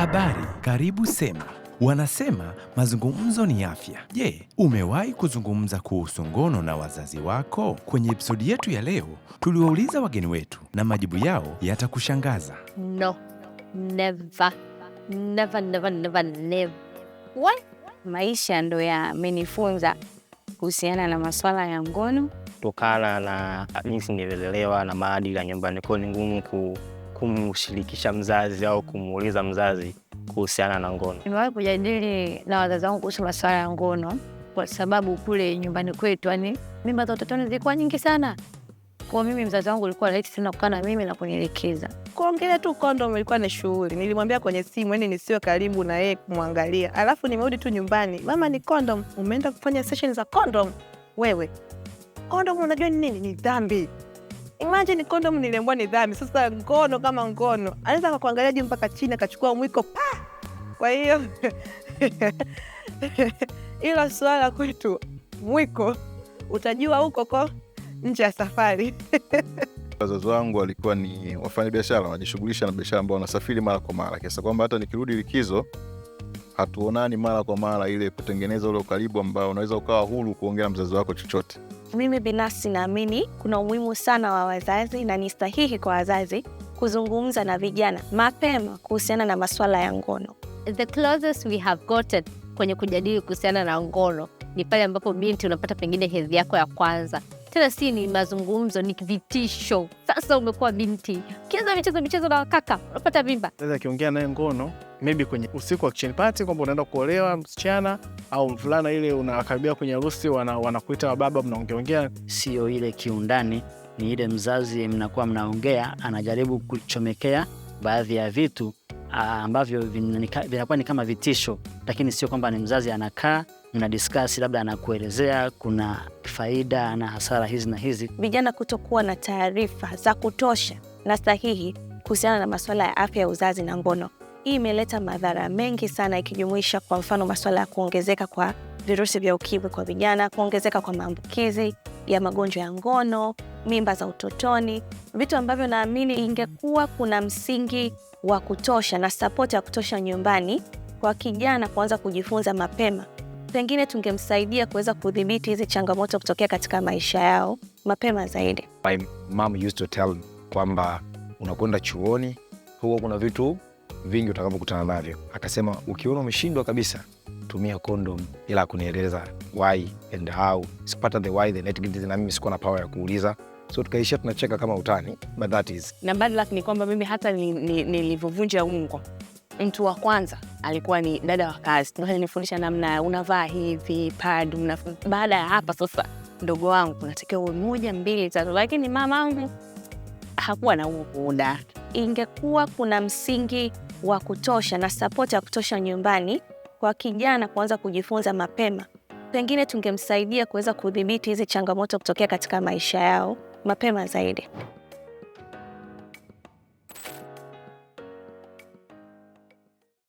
Habari, karibu Sema. Wanasema mazungumzo ni afya. Je, umewahi kuzungumza kuhusu ngono na wazazi wako? Kwenye episodi yetu ya leo, tuliwauliza wageni wetu na majibu yao yatakushangaza. No, never. Never, never, never, never. What? Maisha ndo yamenifunza kuhusiana na maswala ya ngono, kutokana na jinsi nilivyolelewa na maadili ya nyumbani kwao, ni ngumu ku kumshirikisha mzazi au kumuuliza mzazi kuhusiana na ngono. Nimewahi kujadili na wazazi wangu kuhusu masuala ya ngono, kwa sababu kule nyumbani kwetu, yani mimba za utotoni zilikuwa nyingi sana. Kwa mimi mzazi wangu ulikuwa rahisi sana kukaa na mimi na kunielekeza. Kuongelea tu kondomu ilikuwa ni shughuli. Nilimwambia kwenye simu yani nisiwe karibu na yeye kumwangalia. Alafu nimerudi tu nyumbani. Mama ni kondom. Umeenda kufanya session za kondom wewe. Kondom unajua ni nini? Ni dhambi. Imagine kondom niliambiwa ni dhambi. Sasa ngono kama ngono, anaweza akakuangalia juu mpaka chini akachukua mwiko pa. Kwa hiyo ilo swala kwetu mwiko utajua huko ko nje ya safari. Wazazi wangu walikuwa ni biashara wanajishughulisha na biashara ambao wanasafiri mara kwa mara, kiasa kwamba hata nikirudi likizo hatuonani mara kwa mara, ile kutengeneza ule ukaribu ambao unaweza ukawa huru kuongea mzazi wako chochote. Mimi binafsi naamini kuna umuhimu sana wa wazazi na ni sahihi kwa wazazi kuzungumza na vijana mapema kuhusiana na masuala ya ngono. The closest we have gotten kwenye kujadili kuhusiana na ngono ni pale ambapo binti unapata pengine hedhi yako ya kwanza tena si ni mazungumzo, ni vitisho. Sasa umekuwa binti, ukianza michezo michezo na wakaka unapata mimba. Sasa akiongea naye ngono, maybe kwenye usiku wa kitchen party, kwamba unaenda kuolewa msichana au mvulana, ile unakaribia kwenye harusi, wanakuita wana wababa, mnaongeongea, sio ile kiundani, ni ile mzazi mnakuwa mnaongea, anajaribu kuchomekea baadhi ya vitu ah, ambavyo vinakuwa ni kama vitisho, lakini sio kwamba ni mzazi anakaa mnadiskasi, labda anakuelezea kuna faida na hasara hizi na hizi. Vijana kutokuwa na taarifa za kutosha na sahihi kuhusiana na masuala ya afya ya uzazi na ngono, hii imeleta madhara mengi sana, ikijumuisha kwa mfano masuala ya kuongezeka kwa virusi vya ukimwi kwa vijana, kuongezeka kwa maambukizi ya magonjwa ya ngono, mimba za utotoni, vitu ambavyo naamini ingekuwa kuna msingi wa kutosha na sapoti ya kutosha nyumbani kwa kijana kuanza kujifunza mapema pengine tungemsaidia kuweza kudhibiti hizi changamoto kutokea katika maisha yao mapema zaidi. My mom used to tell kwamba unakwenda chuoni, huwa kuna vitu vingi utakavyokutana navyo. Akasema ukiona umeshindwa kabisa, tumia kondom, ila kunieleza why and how. Sipata the why, the net, na mimi sikuwa na pawa ya kuuliza so tukaishia tunacheka kama utani, but that is. Na bad luck ni kwamba mimi hata nilivyovunja ni, ni ungo mtu wa kwanza alikuwa ni dada wa kazi, alinifundisha namna unavaa hivi pad baada ya hapa sasa, mdogo wangu natakiwa uwe moja mbili tatu, lakini mama hakuwa na huo muda. Ingekuwa kuna msingi wa kutosha na sapoti ya kutosha nyumbani kwa kijana kuanza kujifunza mapema, pengine tungemsaidia kuweza kudhibiti hizi changamoto kutokea katika maisha yao mapema zaidi.